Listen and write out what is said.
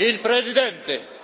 il presidente.